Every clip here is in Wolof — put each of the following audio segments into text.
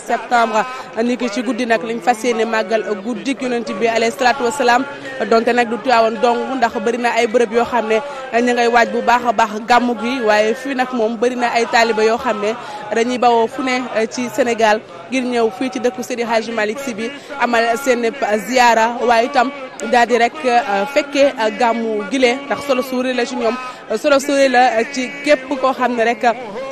septembre a ki ci guddi nag lañ fas yéene màggal guddik yonent bi alayhi salaatu wasalaam donte nag du Tiwaawan dong ndax bëri na ay bërëb yoo xam ne ñu waaj bu baax a baax gàmmu gi waaye fii nag moom bëri na ay taaliba yoo xam ne dañuy bawoo fu ne eh, ci Sénégal ngir ñëw fii ci dëkku Seydi Hadji Malick si bi amal seen ziyaara waaye itam daal di rek a eh, eh, gàmmu gile ndax solo suuri la ci ñoom solo suuri la ci képp koo xam ne rek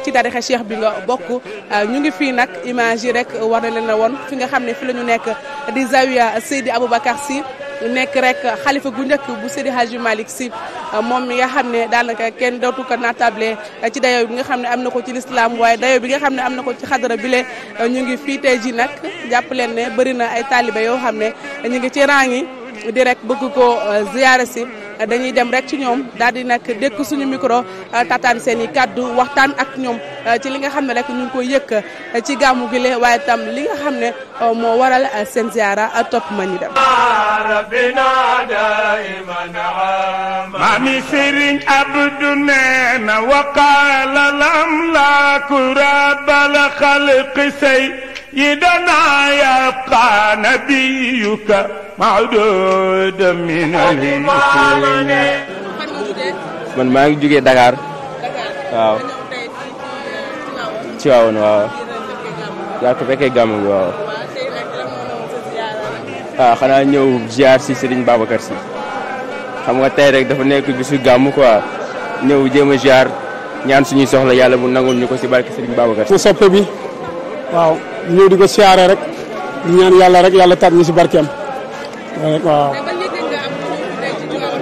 ci tarixa cheikh bi nga bokk euh, ñu ngi fii nag image rek war na leen a woon fi nga xam ne fi la ñu nekk di zawiya Seydi Aboubacar Sy nekk rek xalifa gu njëkk bu Seydi Hadji Malick si euh, moom mi nga xam ne daal daanaka kenn dootu ko naatable euh, ci dayo bi nga xam ne am na ko ci lislaam waaye dayo bi nga xam ne am na ko ci xadara bi le ñu ngi fii tey ji nag jàpp leen ne bëri na ay taalibe yoo xam ne ñu ngi ci rang yi di rek bëgg ko ziyaare si dañuy dem rek ci ñoom daal di nag dékk suñu micro tataan seen i waxtaan ak ñoom ci li nga xam ne rek ñu ngi koy ci gàmmu gi waaye tam li nga xam ne moo waral seen ziara topp ma ñu dem. maami Serigne Abdou nee na waqaala lam laaku rabbal xalqi say سيدنا يبقى نبيك معدودا من المسلمين man maa ngi jógee dakaar waaw ci waawoon waaw yaa ko fekkee gàmmu gi waaw ah, xanaa ñëw ziar si Serigne Babacar si xam nga tey rek dafa nekk bisu gàmm quoi ñëw jéem a ziar ñaan suñuy soxla yàlla mu nangul ñu ko si barke Serigne Babacar si soppe bi ñëw di ko siyaare rek di ñaan yàlla rek yàlla tar ñu si barkeem waaw.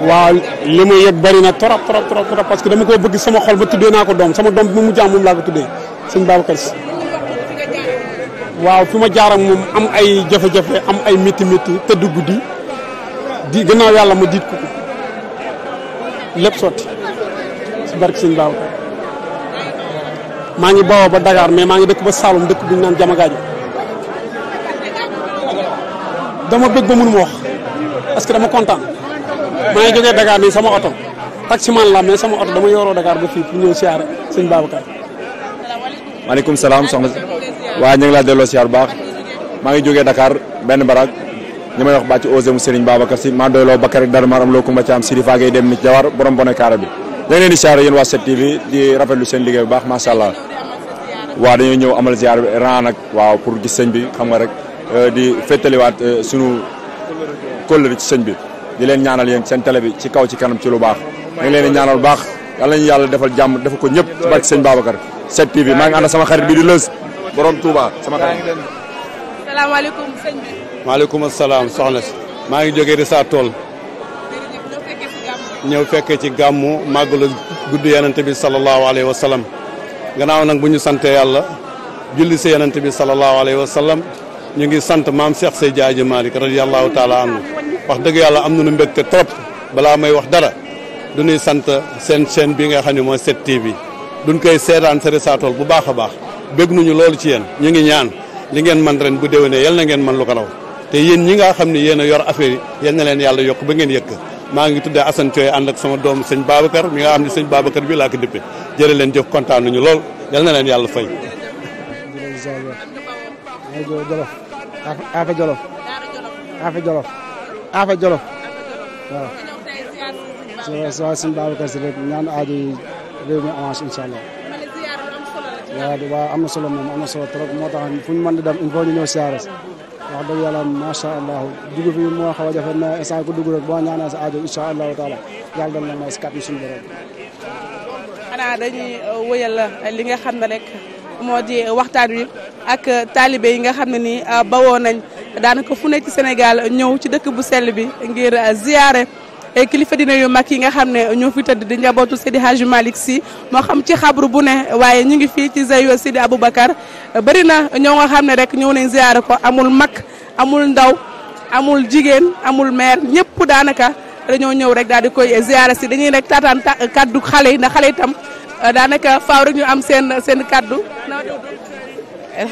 waaw li ma yëg bari trop trop trop parce que dama ko bëgg sama xol ba tuddee naa ko doom sama doom bi mu jaam moom laa ko tuddee sëñ Babacar Si waaw fi ma jaaram moom am ay jafe-jafe am ay métti métti tëdd guddi gannaaw yàlla ma diit ko lépp sotti si barke sëñ Babacar maa ngi bawoo ba Dakar mais maa ngi dëkk ba Saloum dëkk bu ñu naan Jamagaajo dama bëgg ba mënu ma wax parce que dama kontaan maa ngi jógee Dakar nii sama oto taximan la mais sama oto dama yoroo Dakar ba fii pour ñëw siyaare sëñ Babacar. maaleykum salaam soxna si waaye ñu ngi laa delloo siyaar baax maa ngi jógee Dakar benn barak ñu may wax bàcc osé mu Serigne Babacar si maa doyloo Bakary Darmar am loo kumba ci am Sidi Fagay dem ni Jawar borom bone bi. da leen di siyaare yéen waa 7TV di rafetlu seen liggéey bu baax macha allah waaw dañuy ñëw amal bi ran nag waaw pour gis sëñ bi xam nga rek euh, di féttaliwaat euh, sunu kóllëre ci sëñ bi di leen ñaanal yéen seen télé bi ci kaw ci kanam ci lu baax da leen di ñaanal bu baax yàlla nañu yàlla defal jàmm defal ko ñëpp ci barke sëñ Babacar 7TV maa ngi ànd sama xarit bi di lës borom Touba sama xarit. salaam soxna si maa ngi jógee de sa tool. ñëw fekkee ci gàmmu màggalu guddi yonent bi sallallahu alayhi wa sallam gannaaw nag bu ñu santee yàlla julli si yonent bi sallallahu alayhi wa sallam ñu ngi sant maam seex Cheikh Seydi Hadji Malick radiyallahu taala anhu wax dëgg yàlla am nañu mbégte trop balaa may wax dara du ñuy sant seen seen bi nga xam ne mooy 7TV duñ koy seetaan sere saatool bu baax a baax bég nañu loolu ci yéen ñu ngi ñaan li ngeen man ren bu ne yal na ngeen man lu ko raw te yéen ñi nga xam ne yéen a yor affaire yi na leen yàlla yokk ba ngeen yëkk maa ngi tuddee Assane Thioye ànd ak sama doom sëñ Babacar mi nga am ne sëñ Babacar bi laa ko dëppe leen jëf kontaan nañu lool yal na leen yàlla fay. jërëjëf Afe Jolof Afe Jolof Afe Jolof waaw. so waaw sëñ si rek ñaan aajo yi réew mi allah waaw waaw am na solo moom am na solo trop moo tax fu ñu mën di dem il faut ñu ñëw siyaare wax dëgg macha allah dugg fi moo xaw a jafe mais instant ku dugg euh, euh, li nga xam ne rek moo di waxtaan wi ak taalibe yi nga xam ne nii euh, bawoo nañ daanaka fu nekk ci Sénégal ñëw ci dëkk bu sell bi ngir ziyaare. kilifa dina yu mag yi nga xam ne ñoo fi tëdd di njabootu Seydi Hadji Malick Sy moo xam ci xabru bu ne waaye ñu ngi fii ci Zawiya Seydi Aboubacar bëri na ñoo nga xam ne rek ñëw nañ ziyaare ko amul mag amul ndaw amul jigéen amul meer ñëpp daanaka dañoo ñëw rek daal di koy ziyaare si dañuy rek taataan kaddu xale yi ndax xale itam euh, daanaka faaw rek ñu am seen seen kaddu. El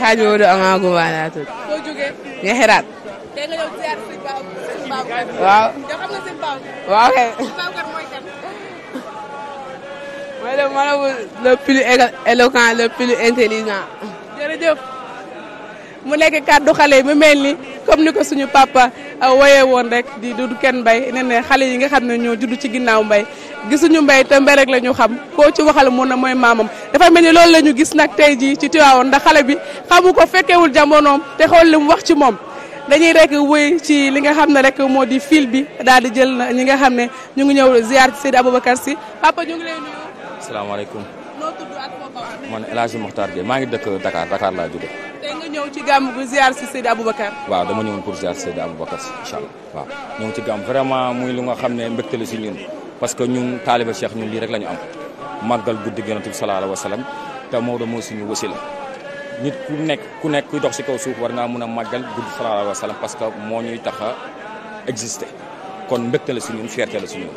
waaw. waaw kay. mooy le marabout le plus éloquent le plus intelligent. jërëjëf mu nekk kàddu xale yi mu mel ni comme ni ko suñu papa euh, woyee woon rek di du kenn mbay nee na xale yi nga xam ne ñoo judd ci ginnaaw mbay gisuñu mbay te mbay rek la ñu xam koo ci waxal mun na mooy maamam dafa mel ni loolu la ñu gis nag tey jii ci Tiwaawoon ndax xale bi xamu ko fekkewul jamonoom te xool li mu wax ci moom. dañuy rek wëy ci li nga xam ne rek moo di fil bi daal di jël ñi nga xam ne ñu ngi ñëw ziar ci Seydi Aboubacar Sy papa ñu ngi leen nuyu. man El Hadj Mokhtar maa ngi dëkk Dakar Dakar laa juddoo. tey nga ñëw ci gàmm bu ziar ci Seydi Aboubacar. waaw dama ñëwoon pour ziar Seydi Aboubacar Sy incha waaw ñëw ci gàmm vraiment muy lu nga xam ne mbekk la si ñun parce que ñun taaliba Cheikh ñun lii rek lañu ñu am màggal guddi Yonent bi sallallahu alayhi wa sallam te Maodo moo suñu wasila nit ku nekk ku nekk ku dox ci kaw suuf war ngaa mën a màggal gudd sallallahu alayhi wa parce que moo ñuy tax a exister kon mbégte la ci ñun fierté la ci ñun.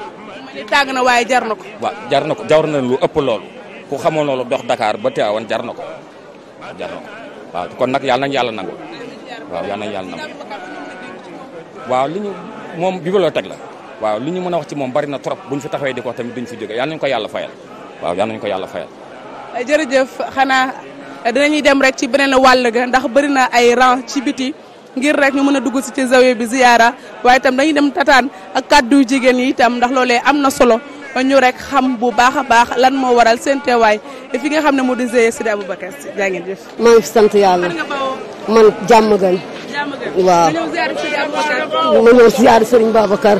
tàng na waaye jar na ko. jar na ko jar na lu ëpp loolu ku xamoon loolu dox Dakar ba Tivaouane jar na ko jar na waaw kon nag yàlla nañ yàlla nangu waaw yàlla nañ yàlla nangu waaw li ñu moom bibliothèque la waaw li ñu mën a wax ci moom bari na trop buñ fi taxawee di ko tamit duñ fi jóge yàlla nañ ko yàlla fayal waaw yàlla nañ ko yàlla fayal. jërëjëf xanaa dinañuy dem rek ci beneen wàll ga ndax bëri na ay ran ci biti ngir rek ñu mën a dugg si ci zawiya bi ziyaara waaye tam dañuy dem tataan ak kàddu jigéen yi itam ndax loole am na solo ñu rek xam bu baax a baax lan moo waral seen teewaay fi nga xam ne moo di zawiya Seydi Aboubacar Sy jaa ngeen jëf. maa ngi sant yàlla man jàmm gan. waaw ma ñëw ziyaara Sëriñ Babacar.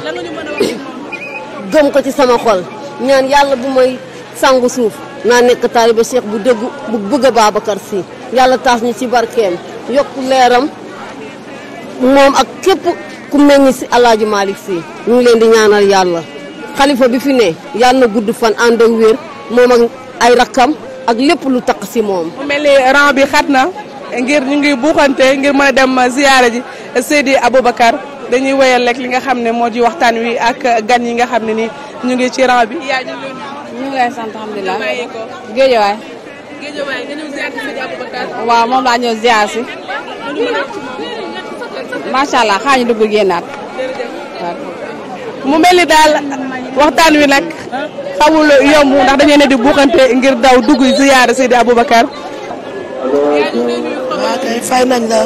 gëm ko ci sama xol ñaan yàlla bu may sangu suuf. naa nekk taaliba Cheikh bu dëggu bu bëgg a Babacar si yàlla taas ñu ci barkeem yokk leeram moom ak képp ku meññ si alaaji Malick Sy ñu leen di ñaanal yàlla xalifa bi fi ne yàlla na gudd fan ànd ak wér moom ak ay rakkam ak lépp lu takk si moom mu mel ni rang bi xat na ngir ñu ngi buuxante ngir mën a dem ziyaara ji Seydi Aboubacar dañuy wéyal rek li nga xam ne moo di waxtaan wi ak gan yi nga xam ne ni ñu ngi ci rang bi ngay sant alhamdulilah. géejawaay. géejawaay nga ñëw ziar si waaw moom laa ñëw ziar si. macha allah xaa dugg génnaat. mu mel ni daal waxtaan wi nag xawul yomb ndax dañoo ne di buuxante ngir daw dugg ziar Seydi Aboubacar. waaw kay fay nañ la.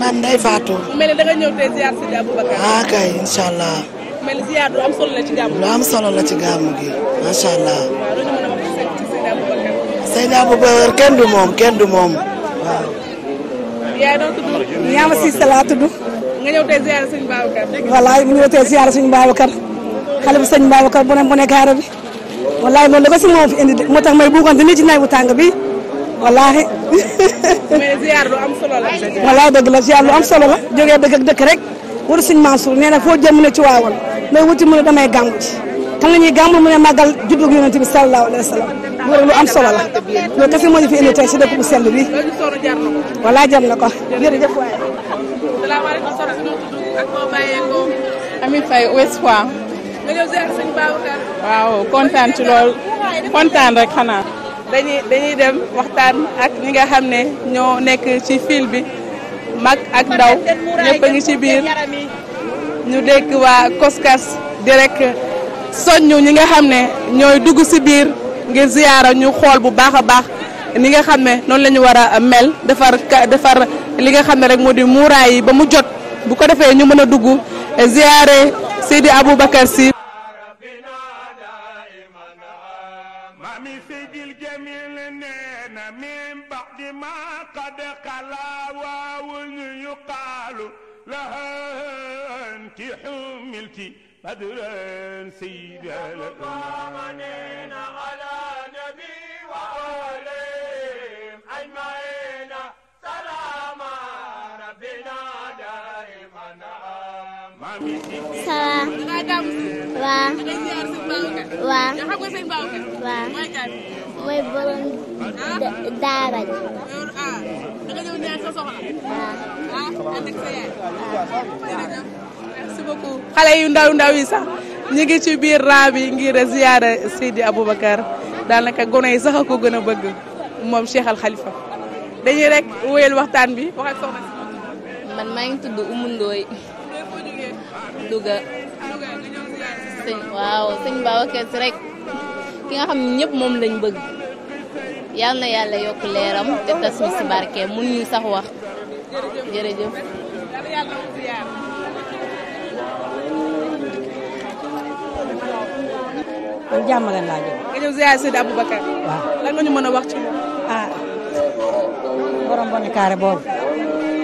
man day faatu. mu mel ni danga ñëw tey ziar Seydi Aboubacar. ah kay incha allah. ma am solo la ci gàmmu. lu am solo gi macha allah. Seydi Aboubacar kenn du moom kenn du moom waaw. yaa ngi doon tudd. yaa ma Cissé laa tudd. nga ñëw tey ziar suñu Babacar. bu sëñ bu ne bu ne gaara bi. wallaay loolu si moom fi indi de moo tax may buugoon ni ci naaj bu tàng bi wallahi mais ziar solo la. wallaay dëgg lu am solo la jógee dëkk ak dëkk rek. wër sëñ Mansour nee foo jëm ne ci waawoon looy wuti mu ne damay gàmmu ci xam nga ñuy gàmmu mu ne màggal juddug yonente bi sallallahu alayhi wa solo la loolu kese moo tey si dëkk bu sell bi wala jar na ko jërëjëf waaye. salaamaaleykum soxna si ak moo bàyyeekoo. kontaan ci lool kontaan rek xanaa. dañuy dañuy dem waxtaan ak ñi xam ne ñoo nekk ci fil bi. mag ak ndaw ñëpp a ngi ci biir ñu dégg waa Koskas di rek soññu ñi nga xam ne ñooy dugg ci biir ngir ziyaara ñu xool bu baax a baax ni nga xam ne noonu lañu ñu war a mel defar defar li nga xam ne rek moo di muuraay yi ba mu jot bu ko defee ñu mën a dugg ziyaare Seydi Aboubacar Sy ما قد قلا واو يقال لها أنت حملت بدرا سيدا لك على نبي وآلهم أجمعين ça va. waaw. mooy borom daara ji. xale yu ndaw ndaw yi sax ñu ngi ci biir raa bi ngir ziyaara Seydi Aboubacar daanaka gone yi sax a ko gën a bëgg moom Cheikh Al Khalifa dañuy rek wéyal waxtaan bi wax ak soxna si. man maa ngi tudd Oumou Ndoye Louga sëñ waaw sëñ Babacar Si rek ki nga xam ne moom lañ bëgg yal na yàlla yokk leeram te tas mi si barke mun ñu sax wax jërëjëf man jàmm gan laa jóg nga ñëw mën a wax ci ah, kaare boobu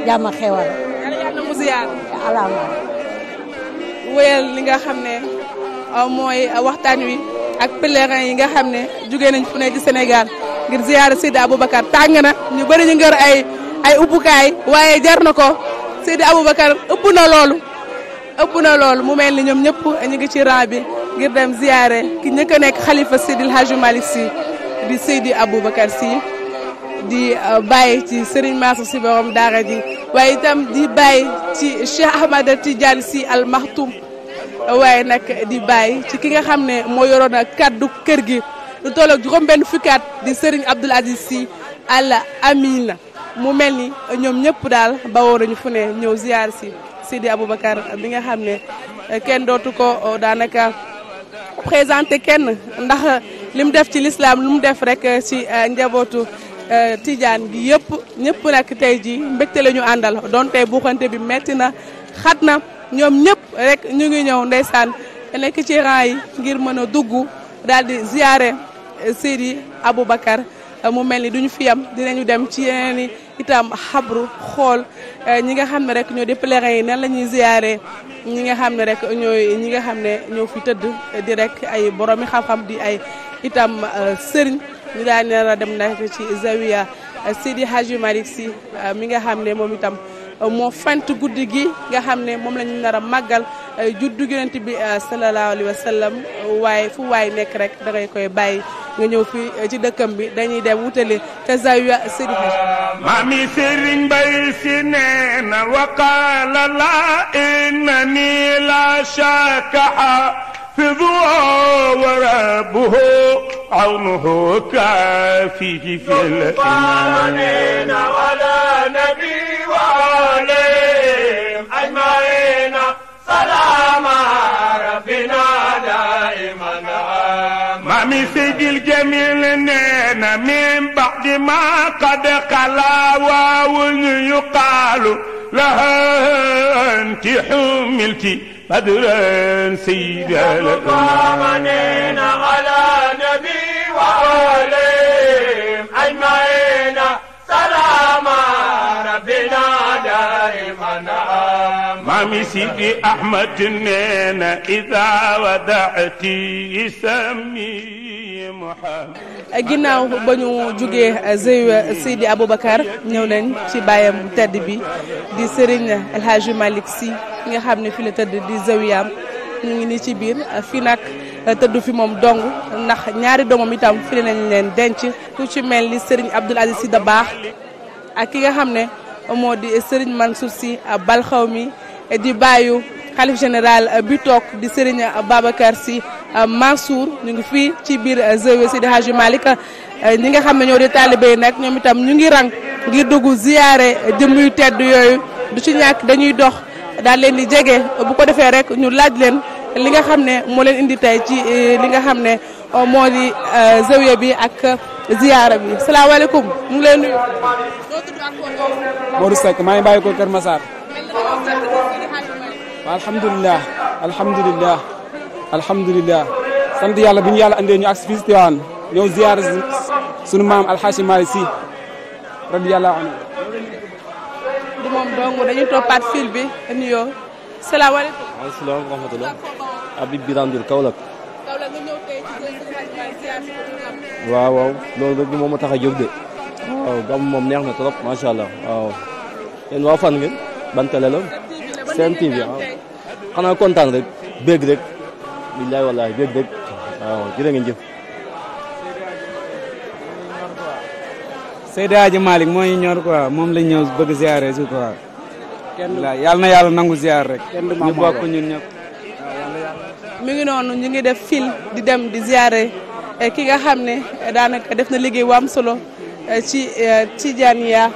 jàmm xewal yàlla wéyal li nga xam ne euh, mooy waxtaan wi ak pèlerins yi nga xam ne jugee nañ fu ne ci Sénégal ngir ziyaara Seydi Aboubacar tàng na ñu bëri ñu ngër ay ay ubbukaay waaye jar na ko Seydi Aboubacar ëpp na loolu ëpp na loolu mu mel ni ñoom ñëpp ñu ngi ci rang bi ngir dem ziyaare ki ñëkk nekk xalifa Seydil Hadji Malick Sy di Seydi Aboubacar si di euh, bàyyi ci Serigne Mansour Sy borom ji waaye itam di bàyyi ci Cheikh Ahmada Tidiane si Al Maktoum waaye nag di bàyyi ci ki nga xam ne moo ak kàddu kër gi lu toll ak juróom-benn fukkaat di Serigne Abdoul Aziz Sy Al Amine mu mel ni ñoom ñëpp daal bawoo nañu fu ne ñëw ziar si Sidi Aboubacar bi nga xam ne euh, kenn dootu ko euh, daanaka présenté kenn ndax li def ci lislaam lu def rek ci njabootu. Euh, tijaan gi yëpp ñëpp nag tey jii mbégte la ñu àndal donte buuxante bi metti na xat na ñoom ñëpp rek ñu ngi ñëw ndeysaan nekk ci rang yi ngir mën a dugg daal di ziare euh, Seydi Aboubacar euh, mu mel ni duñu fi yam dinañu dem ci yeneen itam xabru xool ñi nga xam ne rek ñoo di pèlerin yi nan la ñuy ziare ñi nga xam ne rek ñi nga xam ne ñoo fi tëdd di rek ay boromi xam-xam di ay itam sëriñ ñu daal nar a dem nag ci zawiya Sidi Hadji Malick Sy euh, mi nga xam ne moom itam euh, moo fant guddi gi nga xam ne moom la ñu nar a màggal euh, juddu yonent bi sallallahu alayhi wa sallam waaye fu waay nekk rek da ngay koy bàyyi nga ñëw fii ci dëkkam bi dañuy dem wutale ca zawiya Sidi Hadji maami Sëriñ Bay Si nee na la inna ni la shakaha حفظه وربه عونه كافيه في الإيمان ولا نبي وعليهم أجمعين سلام ربنا دائما ما من سيد الجميل من بعد ما قد قلا ويقال لها أنت حملك بدرا سيدا للأمم على نبي وعليم أجمعين سلاما ربنا دائما ami sidi ahmad nee na ida wadaati isami muhammad eh, ginnaaw ba ñu jugee eh, Zeywe eh, Sidi Aboubacar ñëw nañ ci bàyyam bu tedd bi di Serigne El Hadji Malick nga xam ne fi la tëdd di zawiyaam ñu ngi ci biir fii nag tëdd fi moom dong ndax ñaari doomam itam fi nañ leen denc ku ci mel ni sëriñ Abdoul Aziz Sy Dabakh ak ki nga xam ne moo di Serigne Mansour Sy Balxawmi di bàyyu xalif général euh, bi toog di Serigne euh, Babacar Sy euh, Mansour ñu ngi fii ci biir Zawiya Seydi Hadji Malick ñi nga xam ne ñoo di taalibe nag ñoom itam ñu ngi rang ngi dugg ziyaare jëm yu tedd yooyu du ci ñàkk dañuy dox daal leen di jege bu ko defee rek ñu laaj leen li nga xam ne moo leen indi tey ci li nga xam ne moo di Zawiya bi ak ziyaara bi salaamaaleykum ñu ngi leen nuyu. Modou Seck waaw alhamdulilah alhamdulilah alhamdulilah sant yàlla bi ñu yàlla andee ñu ak fii si Tiwaawan ñëw ziyaare sunu maam Alxaaji Maalik Si radiyallaahu anhu du moom dong dañuy toppaat fil bi nuyoo salaamaaleykum. waaleykum salaam wa rahmatulah. Habib Birame Diour Kaolack. Kaolack nga ñëw tey ci waaw waaw loolu rek moom moo tax a jóg de. Oh. waaw gàmm moom neex na trop macha allah waaw. yéen waa fan ngeen. ban télé la Sen TV waaw ah. xanaa kontaan rek bëgg rek billaay wallaay bëgg rek waaw jërë moo ñu ñor moom lañ ñëw bëgg ziare si quoi. kenn yàlla na yàlla nangu ziar rek. ñu bokk ñun ñëpp. mi ngi noonu ñu ngi def fil di dem di ziare eh, ki nga xam ne eh, daanaka def na liggéey bu am solo eh, ci ci Tidiane ya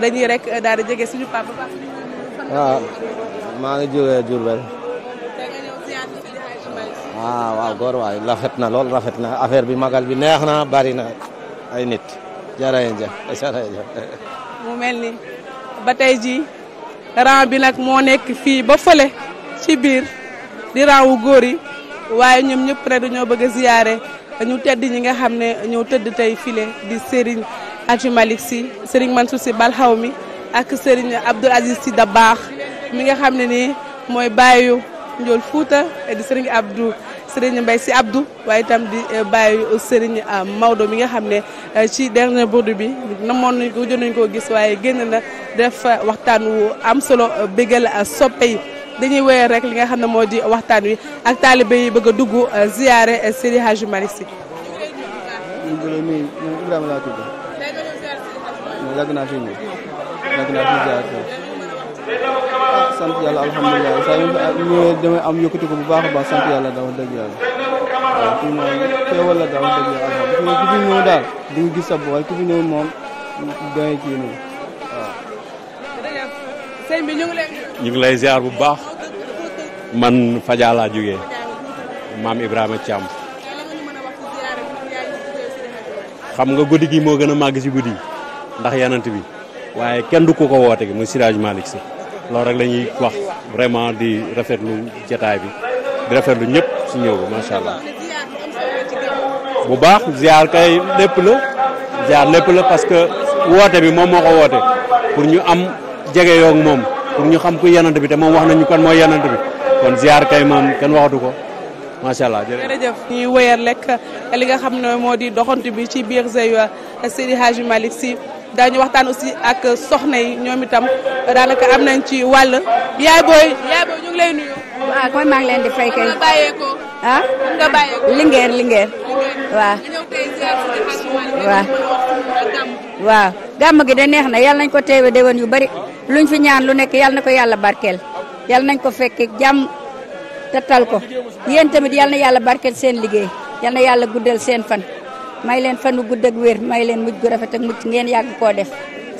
dañuy rek daal papa. waaw ah, maa ngi jógee Diourbel ah waaw góor waay rafet na lool rafet na affaire bi magal bi neex na bari na ay nit jërëjëf jërëjëf mu mel ni ba tey jii rang bi nag moo nekk fii ba fële ci biir di rang wu góor yi waaye ñoom ñëpp rek dañoo bëgg a ziyaare ñu tedd ñi nga xam ne ñoo tëdd tey file di Serigne Hadji Malick Sy Serigne Mansour Sy Bal Xawmi ak Serigne Abdoul Aziz da baax mi nga xam ne nii mooy baayu Ndiol fuuta di Serigne Abdou sëriñ Mbaye si Abdou waaye itam di eh, baayu Serigne ah, Maodo mi nga xam ne eh, ci dernier bourde bi namoon nañ ko jot nañ koo gis waaye génn na def eh, waxtaan wu am solo bégal soppe yi dañuy wéyal rek li nga xam ne moo di waxtaan wi ak taalibe yi bëgg a dugg ziyaare Seydi Hadji Malick Sy yàgg naa fi ziar sant yàlla alhamdulilah saa am yëkkati bu baax a sant yàlla daw dëgg yàlla waaw fii la daw dëgg yàlla fi ñëw daal di nga gis sa bopp waaye fi ñëw moom doy kii nii waaw. sëñ bi ñu ngi lay. ñu ngi bu baax man Fadja laa jógee maam Ibrahima Thiam. xam nga guddi gi moo gën a màgg si guddi ndax yanant bi. waaye kenn du ko woote mu muy Siraj Malick si loolu rek la ñuy wax vraiment di rafetlu jataay bi di lu ñëpp si ñëw bi macha allah. bu baax ziar kay lépp la ziar lépp la parce que woote bi moom moo ko woote pour ñu am jege yoog moom pour ñu xam ku yenante bi te moom wax ñu kan mooy yenante bi kon ziar kay moom kenn waxatu ko. macha allah jërëjëf ñuy wéyal rek li nga xam ne moo di doxantu bi ci biir Seydi Hadji Malick Sy daañu waxtaan aussi ak soxna yi ñoom itam daanaka am nañ ci wàll. yaay booy yaay booy ñu ngi lay ah, leen di fay kay. nga bàyyeekoo. ah nga bàyyeekoo. Linguère Linguère. gàmm gi de neex na yàlla nañ ko teewe déwén yu bari luñ fi ñaan lu nekk yàlla na ko yàlla barkeel yàlla nañ ko fekke jàmm te ko yéen tamit yàlla na yàlla barkeel seen liggéey yàlla na yàlla guddal seen fan. may leen fanu gudd ak wér may leen mujj gu rafet ak mucc ngeen yàgg koo def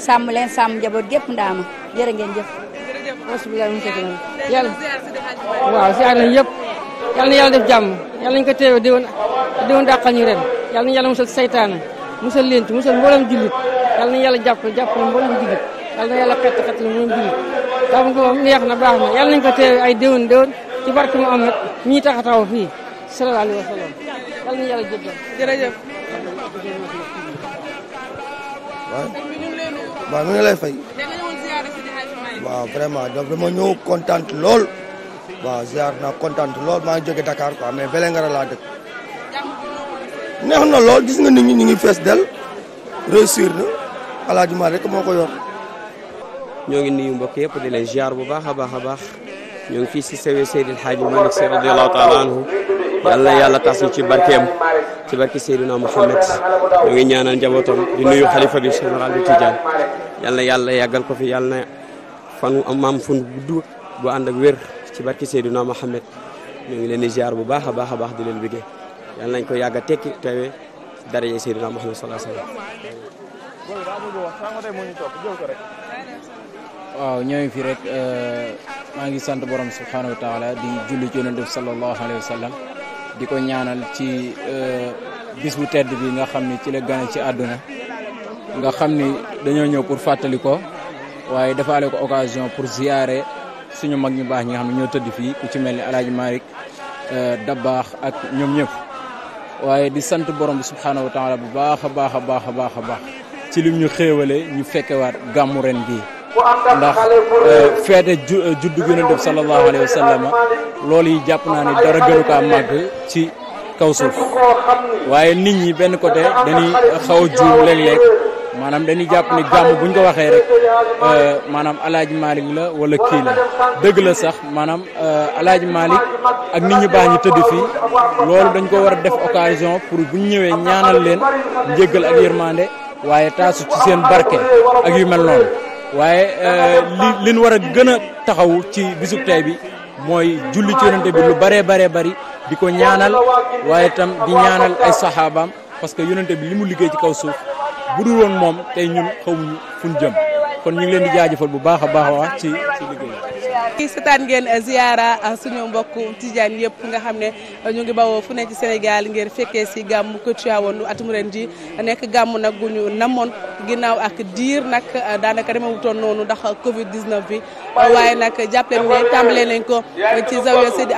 sàmm leen sàmm njaboot gépp ndaama jërë ngeen jëf. bismillah yàlla waaw si àll yëpp yàlla na yàlla def jàmm yàlla nañu ko teewee di woon di woon dàqal ñu ren yàlla nañu yàlla musal saytaane musal leen ci musal mboolem jullit yàlla nañu yàlla jàpp jàpp mboolem jullit yàlla na yàlla xett xett mboolem jullit tam ko neex na baax na yàlla nañu ko teewee ay déwén déwén ci barke Muhammad mi tax a taxaw fii sallallahu alayhi wa sallam yàlla nañu yàlla jéggal jërëjëf waa mu ngi lay fay. waaw vraiment donc dama ñëw kontaan lool. waaw ziar naa kontaan lool maa ngi dakaar Dakar quoi mais Vélingara laa dëkk. neex na lool gis nga nit ñi ñu ngi fees del réussir na alaaji maa rek moo ko yor. ñoo ngi nuyu mbokk yëpp di leen ziar bu baax a baax a baax ñoo ngi fii si sewe Seydil Hadji Malick Sy radiyallahu taala anhu yal na yàlla tas ñu ci barkeem ci barke Seydina Mouhamed ñu ngi ñaanal njabootam di nuyu xalifa bi général bi Tidiane yal na yàlla yàggal ko fi yal na fan maam fun gudd bu ànd ak wér ci barke Seydina Mouhamed ñu ngi leen di ziar bu baax a baax a baax di leen bëggee yal nañ ko yàgg a tekki tawee daraje Seydina Mouhamed sallallahu alayhi wasallam waaw ñoo ngi fi rek euh, maa ngi sant borom subhanahu wa taala di julli ci yonent bi wa sallam di ko ñaanal ci euh, bis bu tedd bi nga xam ni ci la gane ci àdduna nga xam ni dañoo ñëw pour fàttali ko waaye defaale ko occasion pour ziyaare suñu mag ñu baax ñi nga xam ñoo tëdd fii ku ci mel ni El Hadj Malick euh, baax ak ñoom ñëpp waaye di sant borom bi subxanahu wa taala bu baax a baax a baax a baax a baax ci lim ñu xéewale ñu fekkewaat gàmmu ren bii. ndax euh, feete ju euh, juddug yonent bi sallallahu alayhi wa sallam loolu yi jàpp naa ni dara gënu kaa màgg ci kaw suuf waaye nit ñi benn côté dañuy xaw a juum léeg maanaam dañuy jàpp ni gàmm bu ñu ko waxee rek euh, maanaam alaaji Malick la wala kii la dëgg la sax maanaam alaaji Malick ak nit ñi baax ñu tëdd fi loolu dañ ko war a def occasion pour bu ñëwee ñaanal leen njéggal ak yërmande waaye taasu ci seen barke ak yu mel noonu. waaye euh, li li ñu war a gën a taxaw ci bisub tey bi mooy julli ci yonente bi lu baree baree bari di ko ñaanal waaye itam di ñaanal ay saxaabaam parce que yonente bi li mu liggéey ci kaw suuf bu dul woon moom tey ñun xawuñu fu ñu jëm kon ñu ngi leen di jaajëfal bu baax a baax wax ci ci liggéey i seetaan ngeen ziyaara suñu mbokk tijaan yëpp nga xam ne ñu ngi bawoo fu ne ci Sénégal ngir fekkee si gàmm ko Tiwaawoon atum ren ji nekk gàmm nag gu ñu namoon ginnaaw ak diir nag daanaka demewutoon noonu dax Covid 19 bi waaye nag jàppale ne tàmbalee nañ ko ci zawiya Seydi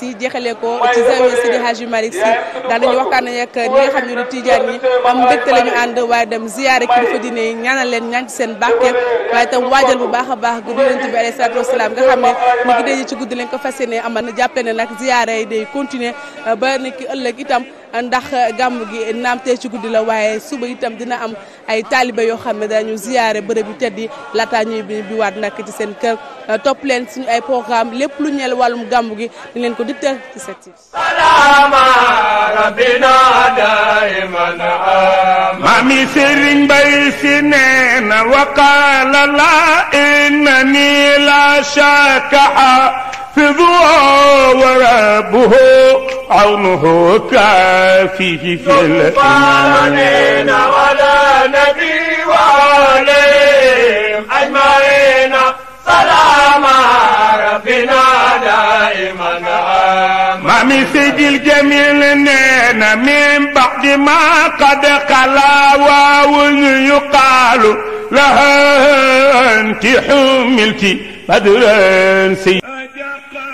Si jeexalee ko ci zawiya Seydi Hadji Malick Si ndax dañu waxtaan nañ ak ñi nga xam ñu di tijaan yi am mbégte la ñu waaye dem ziyaara kilifa diine yi ñaanal leen ñaan ci seen waaye tam waajal bu baax a baax gu Yonent bi alayhi salaatu wasalaam programme ni ki day ci guddi lañ ko fas yéene amal jàppale ne nag ziyaara yi day continuer ba ni ki ëllëg itam ndax gàmm gi naam tey ci guddi la waaye suba itam dina am ay taalibe yoo xam ne dañu ziyaare bërëb yu tedd yi laataa ñuy bi waat nag ci seen kër topp leen suñu ay programme lépp lu ñeel wàllum gàmm gi leen ko diktal ci set yi mami sëriñ bay si nee na waqaala la innani la shaka hafizu wa عونه كافي في الإيمان وعلى نبي وعليهم أجمعين سلام ربنا دائما ما من سيد الجميل نينا من بعد ما قد قلا واو يقال لها أنت حملتي بدرا سيد